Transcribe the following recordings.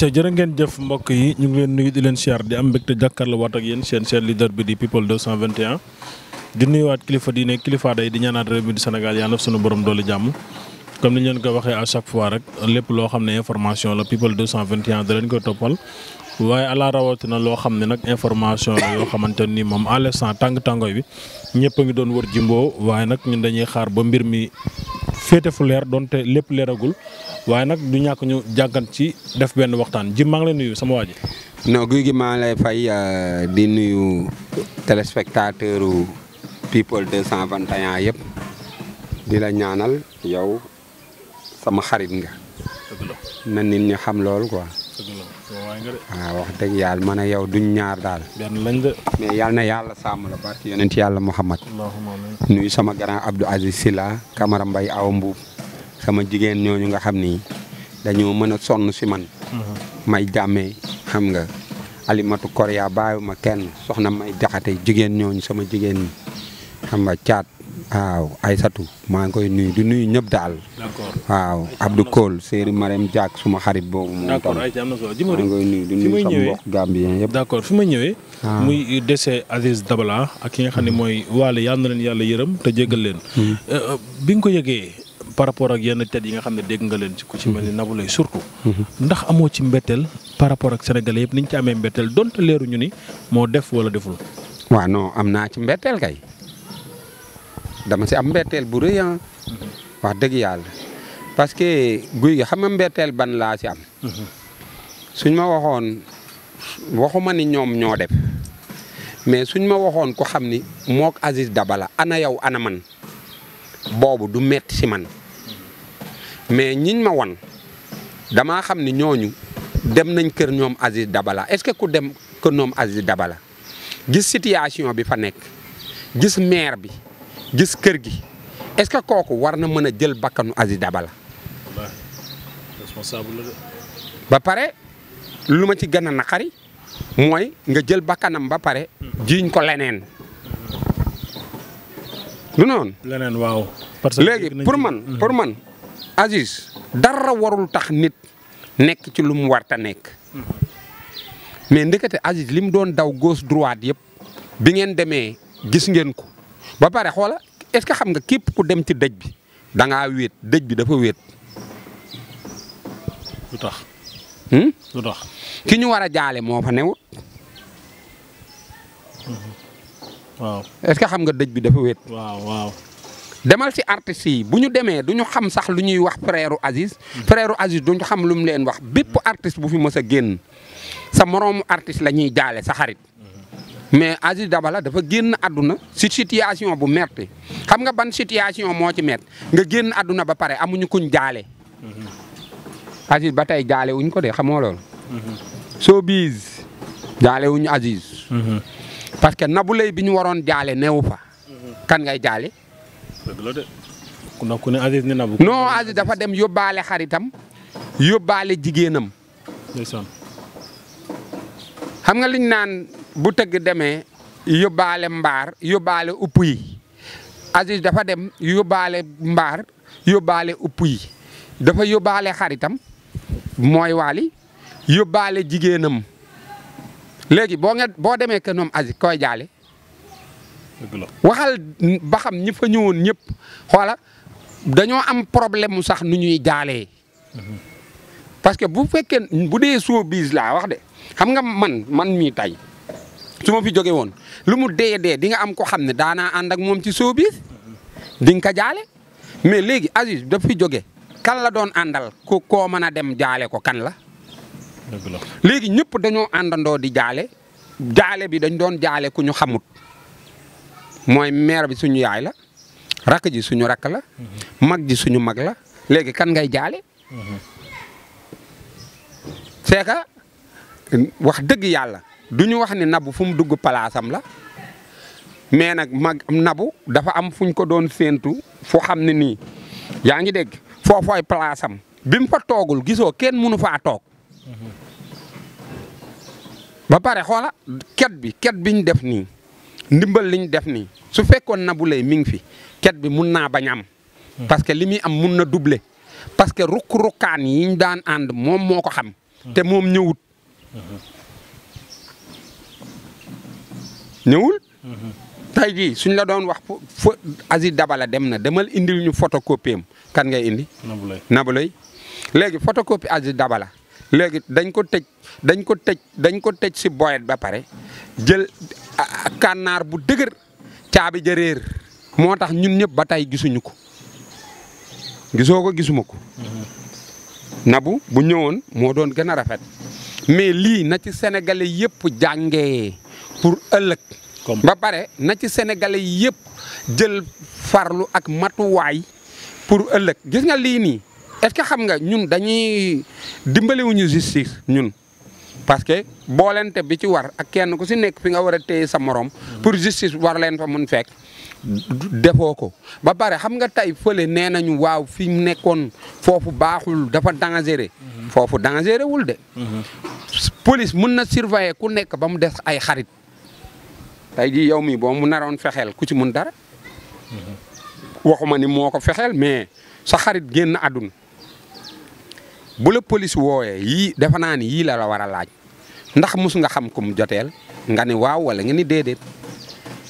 ca jërë ngeen jëf mbokk yi ñu ngi leen nuyu di leen siyaar di am mbégte jàkkaarloo waat ak yéen seen seen leader bi di people 221. di nuyuwaat kilifa diine kilifa day di ñaanaat réew mi di Sénégal yàlla suñu borom doole jàmm. comme ni ñu leen ko waxee à chaque fois rek lépp loo xam ne information la people 221 da koy toppal. waaye ala rawatina loo xam ne nag information la yoo xamante nii moom à l'instant tàng tàngooy bi ñëpp a ngi doon wër jimboo waaye na ñun dañuy xaar ba mbir mi féete fu leer donte lépp leeragul waaye nag du ñàkk ñu jàngat ci def benn waxtaan ji maa ngi nuyu sama waa ji. guy gi maa lay fay euh, di nuyu téléspectateur people 221 yëpp di la ñaanal yow sama xarit nga. na nit ñi xam loolu quoi. waaw ah, wax dëgg yàlla man a yow duñ ñaar daal. benn mais yal na yàlla sàmm la barke yonent yàlla Muhammad. nuyu sama grand Abdou Aziz Sila kamara mbay aw Mbuub sama jigéen ñooñu nga xam ni dañoo mën a sonn si man. Mhm. may jàmmee xam nga alimatu korea bàyyiwuma kenn soxna may jaxate jigéen ñooñu sama jigéen ñi xam nga caat. waaw Aysatu maa ngi koy nuyu du nuyu ñëpp daal. d'accord waaw Abdou Kool Séeri Marème Diak suma xarit boobu. moom tam maa ngi koy nuyu di nuyu sama mbokk Gambien yëpp. d'accord fi ma ñëwee. Ah. muy décès Aziz Dabala ak ki nga xam ne mm-hmm. mooy waale yal na leen yàlla yërëm te jéggal leen. Mm-hmm. Euh, euh, bi nga ko yëgee par rapport ak yenn tet yi nga xam ne dégg nga leen ci ku ci mel ni mm-hmm. Nabou Leye surtout. ndax amoo ci mbeteel par rapport ak sénégalais yëpp ni ci amee mbetteel donte leeru ñu ni moo def wala deful. waaw no am naa ci mbeteel kay. dama si am mbetteel bu rëy ah. wax dëgg yàlla parce que guy gi xam nga mbetteel ban laa si am. Mhm. suñ ma waxoon waxuma ni ñoom ñoo def mais suñ ma waxoon ko xam ni mook Aziz Dabala ana yow ana man boobu du metti si man mais ñiñ ma won damaa xam ni ñooñu dem nañ kër ñoom Aziz Dabala est-ce que ku dem kër ñoom Aziz Dabala gis situation bi fa nekk gis maire bi. gis kër gi est ce que kooku war na mën a jël bakkanu Aziz Dabala. ba pare lu ma ci gën a naqari mooy nga jël bakkanam ba pare. jiiñ ko leneen. lu noonu. leneen waaw. parce que léegi pour man pour man Aziz dara warul tax nit nekk ci lu mu warta nekk. mais ndekete Aziz li mu doon daw gauche droite yëpp bi ngeen demee gis ngeen ko. ba pare xoola est-ce que xam nga képp ku dem ci dëj bi danga wéet dëj bi dafa wéet. tax. Hmm? lu ki ñu war a jaale moo fa newut. Mm-hmm. waaw xam nga dëj bi dafa wéet. waaw waaw. demal si artistes yi bu ñu demee du ñu xam sax lu ñuy wax frère Aziz. Mm-hmm. frère Aziz duñu xam lu mu leen wax bépp artiste bu fi mos a génn sa moroomu artiste la ñuy jaale sa xarit. mais Aziz Dabala dafa génn àdduna si situation bu metti xam nga ban situation moo ci mett nga génn àdduna ba pare amuñu kuñ jaale. Mm-hmm. Aziz ba tey jaale wuñ ko de xamoo loolu. Mm-hmm. Showbiz jaale wuñu Aziz. Mm-hmm. parce que Nabou Leye bi ñu waroon jaale newu fa. kan ngay jaale. dëgg la ku ne Aziz ne Nabou. non dafa dem yóbbaale xaritam yóbbaale jigéenam. ndeysaan. xam nga liñ naan bu tëgg demee yóbbaale mbaar yóbbaale upp yi Aziz dafa dem yóbbaale mbaar yóbbaale upp yi dafa yóbbaale xaritam mooy waali yóbbaale jigéenam léegi boo boo demee kër ñoom Aziz koy jaale. waxal ba xam ñi fa ñëwoon ñëpp xoola dañoo am problème mu sax nu ñuy jaalee. Mhm. parce que bu fekkee bu dee showbiz la wax de. xam nga man man mii tey su ma fi joge woon lu mu dee dee di nga am ko xam ne daanaa ànd ak moom ci soo biir di ko jaale mais léegi Aziz daf fi joge kan la doon àndal ku koo mën a dem jaale ko kan la. léegi ñëpp dañoo àndandoo di jaale jaale bi dañ doon jaale ku ñu xamut mooy mère bi suñu yaay la rakk ji suñu rakk la mhm. mag ji suñu mag la léegi kan ngay jaale. Mhm. c'est wax dëgg yàlla du ñu wax ni nabu fu dugg palaasam la mais nag mag nabu dafa am fuñ ko doon séentu foo xam ne nii yaa ngi dégg foofooy palaasam bi mu fa toogul gisoo kenn mënu faa toog ba pare xoola ket bi ket biñ def nii ndimbal liñ def nii su fekkoon nabu lay mi ngi fi ket bi mun naa bañ am. parce que li muy am mun na doubler parce que rukk rukkaan yi ñu daan ànd moom moo ko xam. te moom ñëwut. ñëwul. Mhm. tey jii suñ la doon wax fo Aziz Dabala dem na demal indil ñu photocopie am kan ngay indi. Naboulaye Naboulaye léegi photocopie Aziz Dabala léegi dañ ko tëj dañ ko tëj dañ ko tëj si boyet ba pare jël kànnaar bu dëgër caabi ja réer moo tax ñun ñëpp ba tey gisuñu ko gisoo ko gisuma ko. Mhm. nabu bu ñëwoon moo doon gën a rafet. mais lii na ci sénégalais yëpp jàngee pour ëllëg. ba pare na ci sénégalais yëpp jël farlu ak matuwaay pour ëllëg gis nga lii nii est-ce que xam nga ñun dañuy dimbaliwuñu justice ñun. parce que boolente bi ci war ak kenn ku si nekk fi nga war a téye sa morom. pour justice war leen fa mun fekk. defoo ko ba pare xam nga tey fële nee nañu waaw fi nekkoon foofu baaxul dafa dangereux mhm. foofu dangereux de mhm. police mën na surveiller ku nekk ba mu des ay xarit tey jii yow mii boo mu naroon fexeel ku ci mun dara mhm. waxuma ni moo ko fexeel mais sa xarit génn àdduna bu la police wooyee yii defe naa ni yii la la war a laaj ndax mus nga xam ku mu joteel nga ni waaw wala nga ni déedéet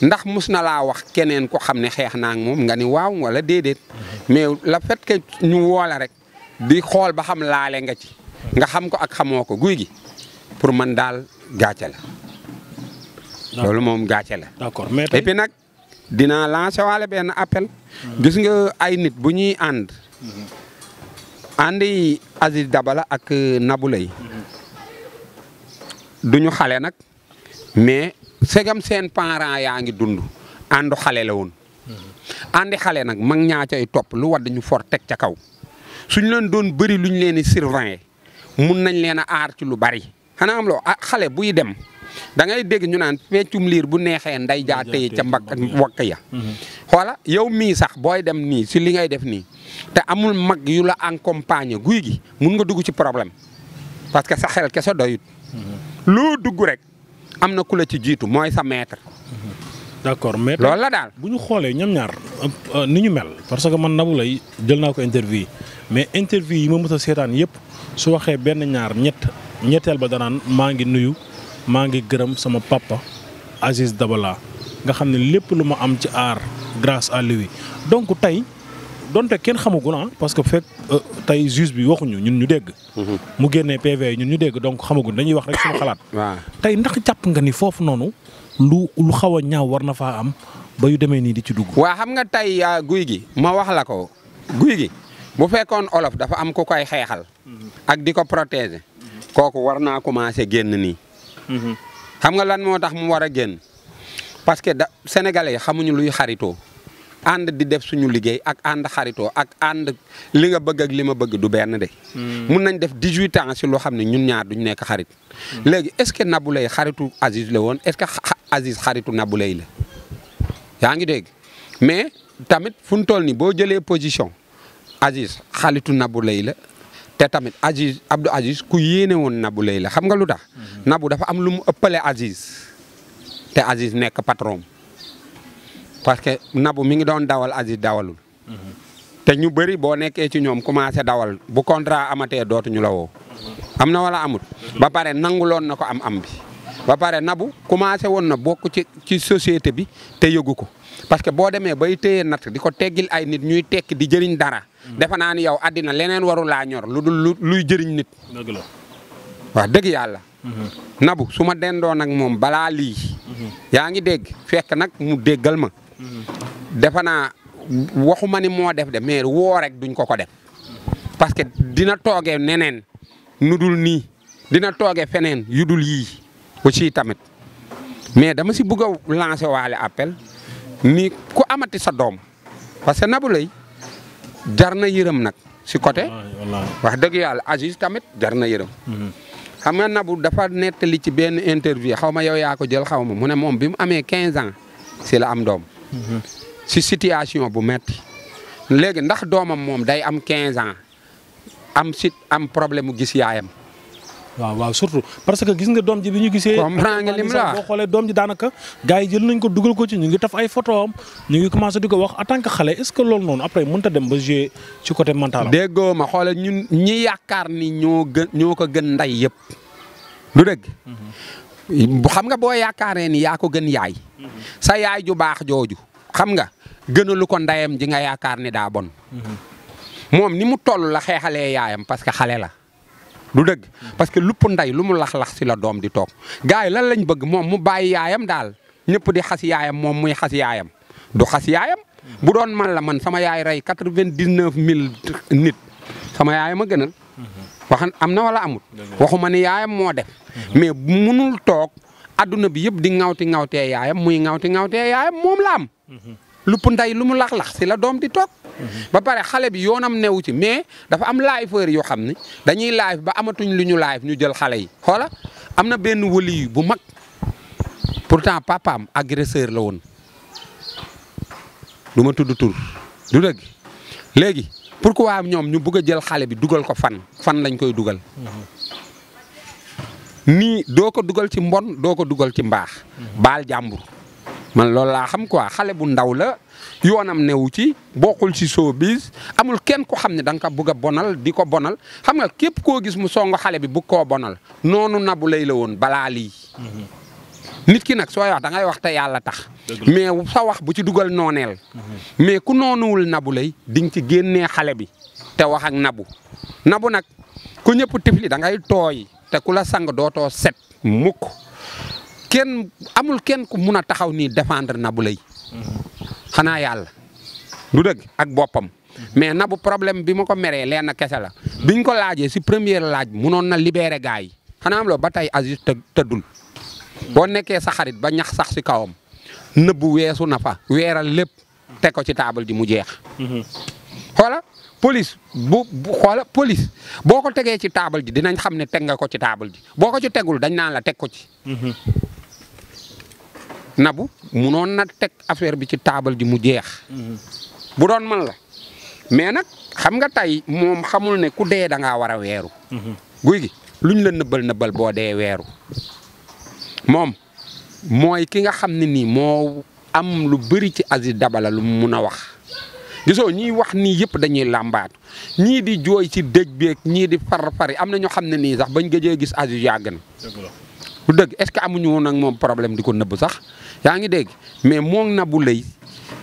ndax mus na laa wax keneen ko xam ne xeex naa moom nga ni waaw wala déedéet mais la fait que ñu woola rek di xool ba xam laale nga ci nga xam ko ak xamoo ko guy gi pour man daal gàcce la. loolu moom gàcce la. d'accord mais et puis nag dinaa lancer waale benn appel. Hmm. gis nga ay nit bu ñuy ànd. Hmm. ànd yi Dabala ak Nabou Leye hmm. duñu xale nag mais. segam seen parents yaa ngi dund àndu xale la woon. àndi xale nag mag ñaa cay topp lu wadd ñu for teg ca kaw suñ leen doon bëri luñ leen di surveiller mun nañ leen a aar ci lu bari xanaa am loo ah, xale buy dem da ngay dégg ñu naan feccum liir bu neexee nday jaa téye ca mbak wakk ya xoola mm-hmm. yow mii sax booy dem nii si li ngay def nii te amul mag yu la accompagner guy gi mun nga dugg ci problème parce que sa xel kese doyut mm-hmm. loo dugg rek am na ku la ci jiitu mooy sa maître. d'accord mais loolu la daal bu ñu xoolee ñoom ñaar euh, ni ñu mel parce que man Nabou lay jël naa ko interview yi mais interview yi ma mës a seetaan yëpp su waxee benn ñaar ñett ñetteel ba danaan maa ngi nuyu maa ngi gërëm sama papa Aziz Dabala nga xam ne lépp lu ma am ci aar grace à lui donc tey. donte kenn xamagul ah parce que fekk euh, tey juge bi waxuñu ñun ñu dégg. Mhm. mu génnee PV ñun ñu dégg donc xamagul dañuy wax rek suñu xalaat. waaw tey ndax jàpp nga ni foofu noonu lu lu xaw a ñaaw war na faa am ba yu demee nii di ci dugg. waa xam nga tey ah, guy gi ma wax la ko guy gi bu fekkoon olof dafa am ku koy xeexal. ak di ko protéger. kooku war naa commencé génn nii. Mhm. xam nga lan moo tax mu war a génn parce que da yi xamuñu luy xaritoo. ànd di def suñu liggéey ak ànd xaritoo ak ànd li nga bëgg ak li ma bëgg du benn de. Hmm. mun nañ def dix huit ans si loo xam ne ñun ñaar duñ nekk xarit. Hmm. léegi est ce que Nabou Leye xaritu Aziz la woon est ce que Aziz xaritu Nabou Leye la yaa ngi dégg mais tamit fu mu toll nii boo jëlee position Aziz xaritu Nabou Leye la. te tamit Aziz Abdou Aziz ku yéene woon Nabou Leye la xam nga lu tax. Hmm. Nabou dafa am lu mu ëppale Aziz te Aziz nekk patron parce que nabu mi ngi doon dawal Aziz dawalul. te ñu bëri boo nekkee ci ñoom commencé dawal bu contrat amatee dootuñu la woo. am na wala amut. ba pare nangu loon na ko am-am bi. ba pare nabu commencé woon na bokk ci ci société bi te yëgu ko parce que boo demee bay téye natt di ko teggil ay nit ñuy tekki di jëriñ dara. Mm-hmm. defe naa ni yow àddina leneen waru laa ñor lu dul luy jëriñ nit. dëgg la dëgg yàlla. Mm-hmm. nabu su ma dendoon ak moom balaa lii. Mm-hmm. yaa ngi dégg fekk nag mu déggal ma. defe naa waxuma ni moo def de mais woo rek duñ ko ko def parce que dina tooge neneen nu dul nii dina tooge feneen yu dul yii aussi tamit mais dama si bëgg a lancer waale appel nii ku amati sa doom parce que Nabou Leye jar na yërëm nag si côté ah, wax dëgg yàlla Aziz tamit jar na yërëm mhm. xam nga Nabou dafa nettali ci benn interview xaw ma yow yaa ko jël xaw ma mu ne moom bi mu amee quinze ans si la am doom si situation bu metti léegi ndax doomam moom day am 15 ans am si am problème mu gis yaayam. waaw waaw surtout parce que gis nga doom ji bi ñu gisee. comprendre nga lim la boo xoolee doom ji daanaka. gars yi jël nañ ko dugal ko ci ñu ngi taf ay photo am ñu ngi commencé di ko wax en tant que xale est ce que loolu noonu après mënut a dem ba jouer ci côté mental. déggoo ma xoolal ñun ñi yaakaar ni ñoo gën ñoo ko gën nday yëpp. du dëgg. Mhm. xam nga boo yaakaaree ni yaa ko gën yaay. sa yaay ju baax jooju. xam nga gëna lu ko ndayam ji nga yaakaar ni daa bon. moom ni mu toll la xeexalee yaayam parce que xale la. du dëgg parce que lupp nday lu mu lax-lax si la doom di toog gars yi lan lañ bëgg moom mu bàyyi yaayam daal ñëpp di xas yaayam moom muy xas yaayam du xas yaayam. bu doon man la man sama yaay rey quatre-vingt-dix-neuf mill nit sama yaay ma gënal. wax am na wala amut waxuma ne yaayam moo def mhm. mais munul toog adduna bi yëpp di ŋawti ŋawtee yaayam muy ŋawti ŋawtee yaayam moom la am mhm. lupp nday lu mu lax-lax si la doom di toog mhm. ba pare xale bi yoonam newu ci mais dafa am laayfeur yoo xam ne dañuy laayf ba amatuñ lu ñu laayf ñu jël xale yi xoola am na benn woli bu mag pourtant papaam agresseur la woon du ma tudd tur du dëgg léegi pour pourquoi ñoom ñu bëgg a jël xale bi dugal ko fan fan lañ koy dugal. nii doo ko dugal ci mbon doo ko dugal ci mbaax. baal jàmbur man loolu laa xam quoi xale bu ndaw la yoonam newu ci bokkul ci showbiz amul kenn ku xam ne danga nga ko bëgg bonal di ko bonal xam nga képp koo gis mu song xale bi bëgg koo bonal noonu nabu lay la woon balaa lii. nit ki nag sooy wax da ngay wax te yàlla tax. mais sa wax bu ci dugal nooneel. Mhm. mais ku noonuwul nabu lay di nga ci génnee xale bi te wax ak nabu nabu nag ku ñëpp tifli da ngay tooy te ku la sang dootoo set mukk kenn amul kenn ku mun a taxaw nii défendre nabu lay. Mhm. xanaa yàlla du dëgg ak boppam. Mhm. mais nabu problème bi ma ko meree leen lenn kese la biñ ko laajee si première laaj munoon na libéré gars yi xanaa am loo ba tey Aziz tëddul. boo nekkee sa xarit ba ñax sax si kawam nëbbu weesu na weeral lépp teg ko ci taabal ji mu jeex. xoola mhm. police xoola police boo ko tegee ci taabal ji dinañ xam ne teg nga ko ci taabal ji boo ko ci tegul dañ naan la teg ko ci. Mhm. nabu noon na teg affaire bi ci taabal ji mu jeex. Mhm. bu doon man la mais nag xam nga tey moom xamul ne ku dee da ngaa war a weeru. guy gi luñ la nëbbal nëbbal boo dee weeru. moom mooy ki nga xam ne nii moo am lu bëri ci Aziz Dabala lu mun a wax gisoo ñuy wax nii yëpp dañuy làmbaatu ñii di jooy ci dëj beeg ñii di far am na ñoo xam ne nii sax bañ gëjee gis Aziz yàgg na bu dëgg est-ce que amuñu woon ak moom problème di ko nëbb sax yaa ngi dégg mais moom na bu lay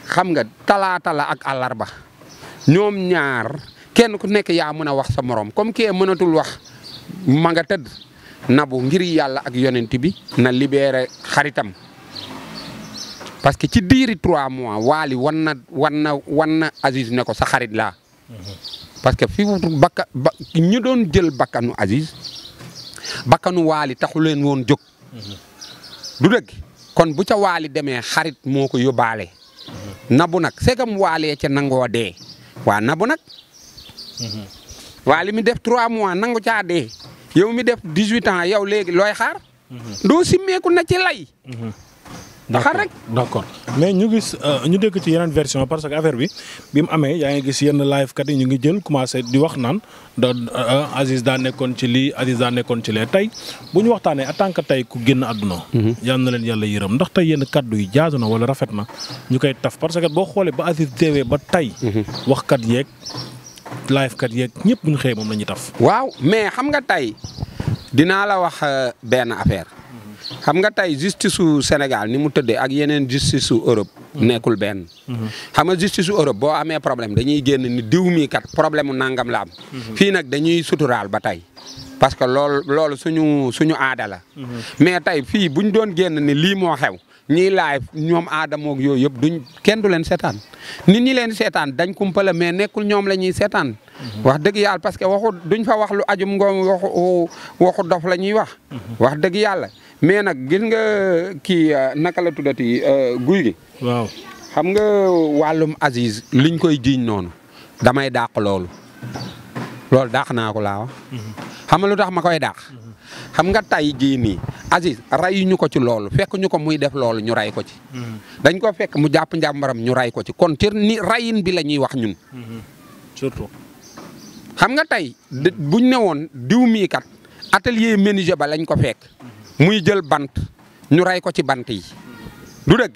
xam nga talaata la ak àllarba ñoom ñaar kenn ku nekk yaa mën a wax sa morom comme kee mënatul wax ma nga tëdd nabu ngir yàlla ak yonent bi na libeere xaritam parce que ci diiri trois mois waali wan na wan na wan na ne ko sa xarit la parce que fi bakka ñu doon jël bakkanu Aziz bakkanu waali taxu leen woon jóg du dëgg kon bu ca waali demee xarit moo ko yóbbaale nabu nag segam waalee ca nangoo dee waa nabu nag waali mi def trois mois nangu caa dee yow mi def 18 ans yow léegi looy xaar. Mhm. doo simmeeku na ci lay. daxar mhm. rek d' accord mais ñu gis euh, ñu dégg ci yeneen version parce que affaire bi bi mu amee yaa ngi gis yenn live kat yi ñu ngi jël commencé di wax naan da euh, euh, Aziz daa nekkoon ci lii Aziz daa nekkoon ci lee tey bu ñu waxtaanee en tant que tey ku génn àdduna. Mhm. yal na leen yàlla yërëm ndax tey yenn kaddu yi jaadu na wala rafet na ñu koy taf parce que boo xoolee ba Aziz deewee ba tey. waxkat yeeg live kat yeeg ñëpp bu ñu xëyee moom la ñuy taf. waaw mais xam nga tey dinaa la wax euh, benn affaire xam nga tey justice su Sénégal ni mu tëddee ak yeneen justice su Europe. nekkul benn. xam nga justice su Europe boo amee problème dañuy génn ni diw mii kat problème mu nangam la am. fii nag dañuy suturaal ba tey. parce que lool loolu suñu suñu aada mhm. mais tey fii buñ doon génn ni lii moo xew. ñiy live ñoom aadama ak yooyu yëpp duñ kenn du leen seetaan nit ñi leen seetaan dañ kumpale mais nekkul ñoom la ñuy seetaan. Mhm. wax dëgg yàlla parce que waxu duñ fa wax lu ajum ngoom waxu waxu dof la ñuy wax. Mhm. wax dëgg yàlla mais nag gis nga kii euh, naka la tuddati euh, guy gi. xam nga wàllum Aziz liñ koy jiiñ noonu damay dàq loolu loolu dàq naa ko laa wax. Mhm. xam lu tax ma koy dàq. xam nga tay jii nii Aziz ray ñu ko ci loolu fekk ñu ko muy def loolu ñu ray ko ci. Hmm. dañ ko fekk mu jàpp njàmbaram ñu ray ko ci kon ci ni rayin bi la ñuy wax ñun. Hmm. surtout. xam nga tey buñ ne woon diw mii kat atelier menuisier ba lañ ko fekk. Hmm. muy jël bant ñu ray ko ci bant yi du dëgg.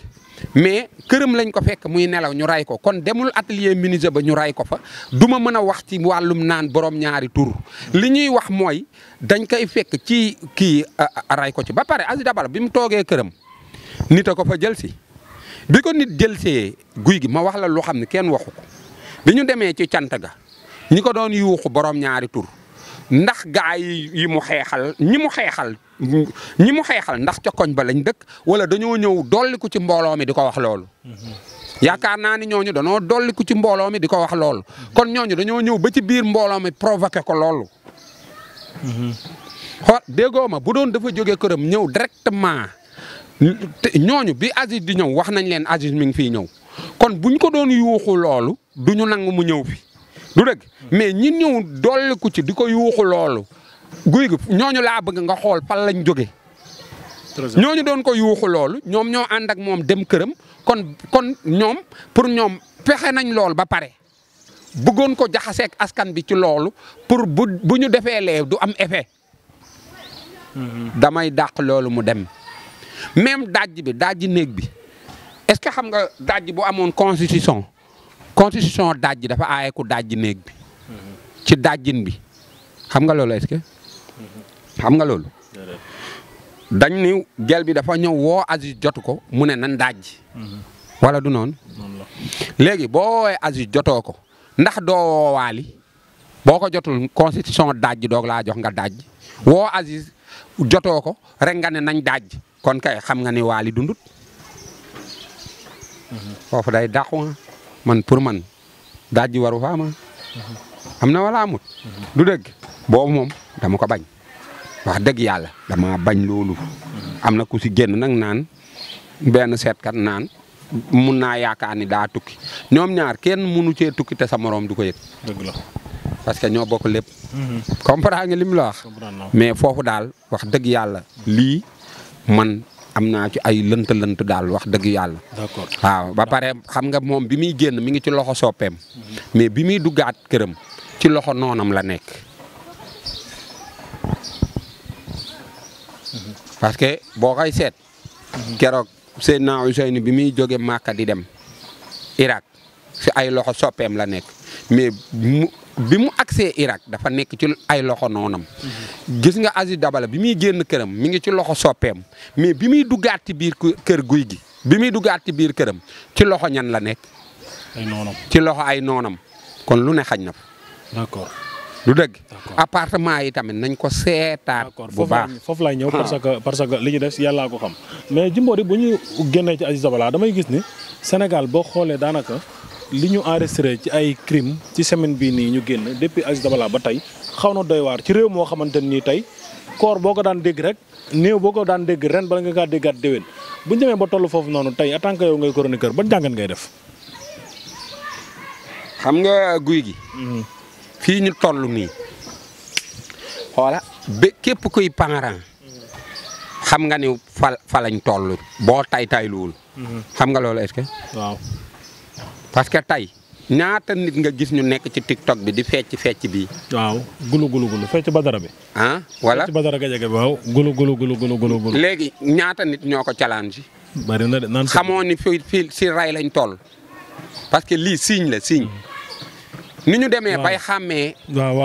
mais këram lañ ko fekk muy nelaw ñu ray ko kon demul atelier menuisier ba ñu ray ko fa du ma mën a wax ci wàllum naan borom ñaari tur li ñuy wax mooy dañ koy fekk ci kii ray ko ci ba pare Aziz Dabala bi mu toogee këram nit a ko fa jël si bi ko nit jël see guy gi ma wax la loo xam ne kenn waxu ko bi ñu demee ci cant ga ñi ko doon yuuxu borom ñaari tur ndax gaa yi yi mu xeexal ñi mu xeexal ñi mu xeexal ndax ca koñ ba lañ dëkk wala dañoo ñëw dolliku ci mbooloo mi di ko wax loolu. Mm-hmm. yaakaar naa ni ñooñu danoo ku ci mbooloo mi di ko wax loolu. Mm-hmm. kon ñooñu dañoo ñëw ba ci biir mbooloo mi provoqué ko loolu. Mm-hmm. xool ma bu doon dafa jóge këram ñëw directement ñooñu bi Aziz di ñëw wax nañ leen Aziz mi ngi fiy ñëw kon buñ ko doon yuuxu loolu duñu nangu mu ñëw fi. du dëgg mais ñi ñëw dolli ci di ko yuuxu loolu guy gi ñooñu laa bëgg nga xool pal lañ jóge ñooñu doon ko yuuxu loolu ñoom ñoo ànd ak moom dem këram kon kon ñoom pour ñoom pexe nañ loolu ba pare bëggoon ko jaxaseek askan bi ci loolu pour bu bu ñu defee lee du am effet. Mm-hmm. damay dàq loolu mu dem même dajj bi dajj néeg bi est-ce que xam nga dajj bu amoon constitution constitution dajj dafa aaye ku dajj néeg bi. ci dajjin bi xam nga loolu nga loolu. dañ ni gel bi dafa ñëw woo Aziz jotu ko mu ne nañ dajj. wala du noonu. léegi boo woowee Aziz jotoo ko ndax doo woowaali boo ko jotul constitution dajj doog laa jox nga dajj woo Aziz jotoo ko rek nga ne nañ dajj kon kay xam nga ni waali dundut. Mhm. foofu day dàqu ah. man pour man daaj ji waru faama am na wala amut du dëgg boobu moom dama ko bañ wax dëgg yàlla dama bañ loolu am na ku si génn nag naan benn seetkat naan mun naa yaakaar ni daa tukki ñoom ñaar kenn munu cee tukki te sa moroom du ko yëg dëgg parce que ñoo bokk lépp mhm. comprendre nga li mais foofu daal wax dëgg yàlla lii man am naa ci ay lënt-lënt daal wax dëgg yàlla. waaw ba pare xam nga moom bi muy génn mu ngi ci loxo soppeem. mais bi muy duggaat këram ci loxo noonam la nekk. parce que boo koy seet. keroog Seydina Ousseynou bi muy jóge Màkka di dem Irak si ay loxo soppeem la nekk mais bi mu agsee Irak dafa nekk ci ay loxo noonam gis nga Aziz Dabala bi muy génn këram mu ngi ci loxo soppeem mais bi muy duggaat ci biir kër guy gi bi muy duggaat ci biir këram ci loxo ñan la nekk. ay ci loxo ay noonam kon lu ne xañ na fa. d'accord du dëgg. appartement yi tamit nañ ko seetaat. bu baax foofu laay ñëw ah. parce que parce que li ñu def yàllaa ko xam mais Jimbori bu ñu génnee ci Aziz Dabala damay gis ni Sénégal boo xoolee daanaka. li ñu enregistré ci ay crime ci semaine bii nii ñu génn depuis Aziz Dabala ba tey xaw na doy waar ci réew moo xamante nii tey koor boo ko daan dégg rek néew boo ko daan dégg ren bala nga kaa déggaat déwén bu ñu demee ba toll foofu noonu tey en tant que yow ko chroniqueur ban jàngat ngay def. xam nga guy gi. Mhm. fii ñu toll nii xoola ba képp kuy parent xam nga ni fa fa boo tay tayluwul. Mhm. xam nga loolu est-ce waaw. parce que tey ñaata nit nga gis ñu nekk ci tiktok bi di feec fecc bii. waaw gulu gulu gulu fecc badara bi. ah voilà fecc badara gajaga bi waaw gulu gulu gulu gulu léegi ñaata nit ñoo ko challenge. bari na de naan xamoo ni fii si ray lañ toll parce que lii signe la signe. ni ñu demee bay xàmmee.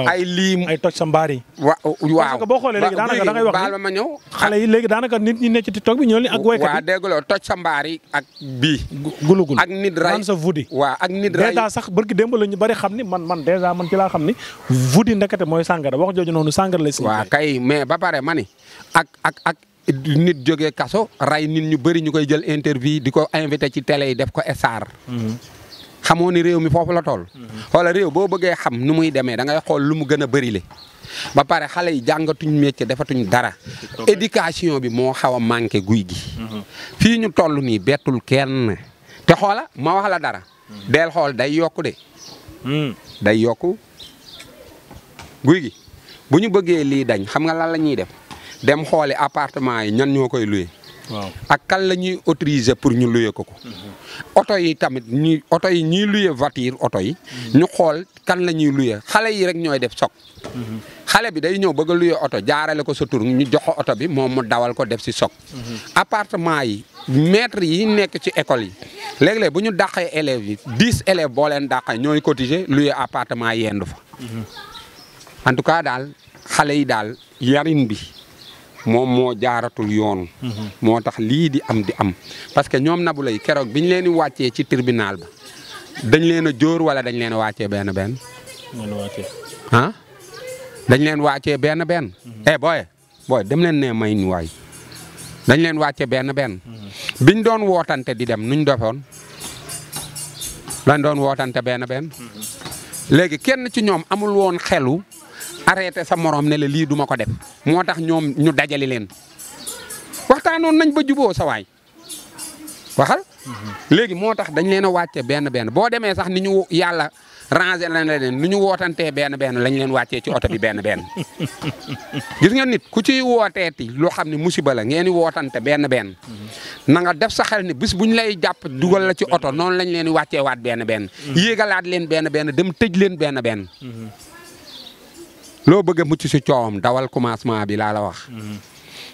ay lii ay toj sa mbaar yi. waaw boo xoolee léegi daanaka da ngay wax baal ma ñëw. xale yi léegi daanaka nit ñi ne ci TikTok bi ñoo leen ak. woykat yi loo toj sa mbaar yi ak bii. gulugul ak nit ray sa vudi. waaw ak nit ray dèjà sax barki démb la ñu bari xam ni man man dèjà man ci laa xam ni vudi ndekete mooy sàngara wax jooju noonu sàngara la si. waaw kay mais ba pare ma ni ak ak ak. nit jógee kaso ray nit ñu bëri ñu koy jël interview di ko invité ci télé yi def ko star mm-hmm. xamoo ni réew mi foofu la toll. xoola mhm. réew boo bëggee xam nu muy demee da ngay xool lu mu gën a bërile ba pare xale yi jàngatuñ métier defatuñ dara. éducation bi moo xaw a manqué guy gi. Mhm. fii ñu toll nii bettul kenn te xoola ma wax la dara. Mhm. del xool day yokku de. Hmm. day yokku guy gi bu ñu bëggee lii dañ xam nga lan la ñuy def dem xooli appartement yi ñan ñoo koy loué. waaw ak kan la ñuy autoriser pour ñu luye ko ko. Mm-hmm. oto yi tamit ñuy oto yi ñuy luye voiture oto yi. Mm-hmm. ñu xool kan la ñuy luye xale yi rek ñooy def sok mm-hmm. xale bi day ñëw bëgg a luye oto jaarale ko sa tur ñu jox ko oto bi moom mu dawal ko def si sok appartement yi maître yi nekk ci école yi léeg bu ñu dàqee élèves yi dix élèves boo leen dàqee ñooy cotiser luye appartement yendu fa. en tout cas daal xale yi daal yarin bi. moom moo jaaratul yoon. moo tax lii di am di am parce que ñoom Nabou Leye keroog biñ leen di wàccee ci tirbinaal ba dañ leen a jóor wala dañ leen a wàccee benn benn. ah dañ leen wàccee benn benn. Mhm. eh dem leen ne may ñu waay dañ leen wàccee benn benn. Mhm. biñ doon wootante di dem nuñ defoon lañ doon wootante benn benn. Mhm. léegi kenn ci ñoom amul woon xelu. arrêté sa moroom ne la lii duma ko def moo tax ñoom ñu dajale leen waxtaanoon nañ ba juboo sa waay waxal. léegi moo tax dañ leen a wàcce benn benn boo demee sax ni ñu yàlla rangé lañ leen ni ñu wootantee benn benn lañ leen wàccee ci oto bi benn benn. gis nga nit ku ciy wooteeti loo xam ne musiba la ngeen di wootante benn benn. na nga def sa xel ne bis bu ñu lay jàpp dugal la ci oto noonu lañ leen di wàccee waat benn benn. Mm-hmm. yéegalaat leen benn benn dem tëj leen benn benn. Mm-hmm. loo bëgg a mucc si coowam dawal commencement bi laa la wax. Mhm.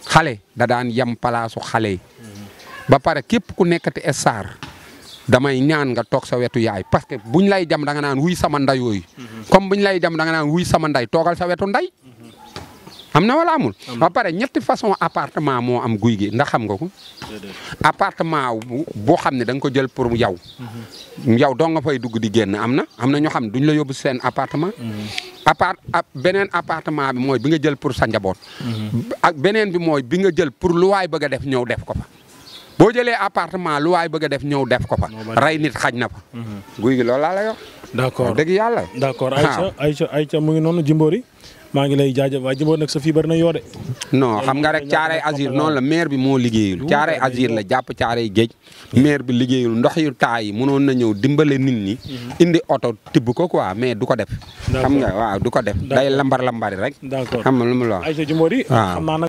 xale da daan yem palaasu xale mhm. ba pare képp ku nekkati star damay ñaan nga toog sa wetu yaay parce que buñ lay jam da nga naan wuy sama ndayooyu mhm. comme buñ lay jam da nga naan wuy sama nday toogal sa wetu nday. am na wala amul. a pare ñetti façon appartement moo am guy gi ndax xam nga ko. appartement boo xam ne da nga ko jël pour yow. Mhm. yow doo nga fay dugg di génn am na am na ñoo xam ne duñ la yóbbu seen appartement. Mhm. appart ah, beneen appartement bi mooy bi nga jël pour sanjaboot mhm. ak beneen bi mooy bi nga jël pour lu waay bëgg def ñëw def ko fa. boo jëlee appartement lu waay bëgg def ñëw def ko fa. rey nit xañ na fa. guy gi loolu la yor. d' accord dëgg yàlla. d' accord Aïcha Aïcha Aïcha mu ngi noonu Jimbori maa ngi lay jaajëf waaye jëboon nag sa fii bari na yoo de. non xam nga rek caaray azur noonu la maire bi moo liggéeyul caaray azur la jàpp caaray géej maire bi liggéeyul ndox yu taa yi mënoon na ñëw dimbale nit ñi mhm. indi oto tibb ko quoi mais du ko def xam nga waaw du ko def day lambar lambari rek xam lu mu la wax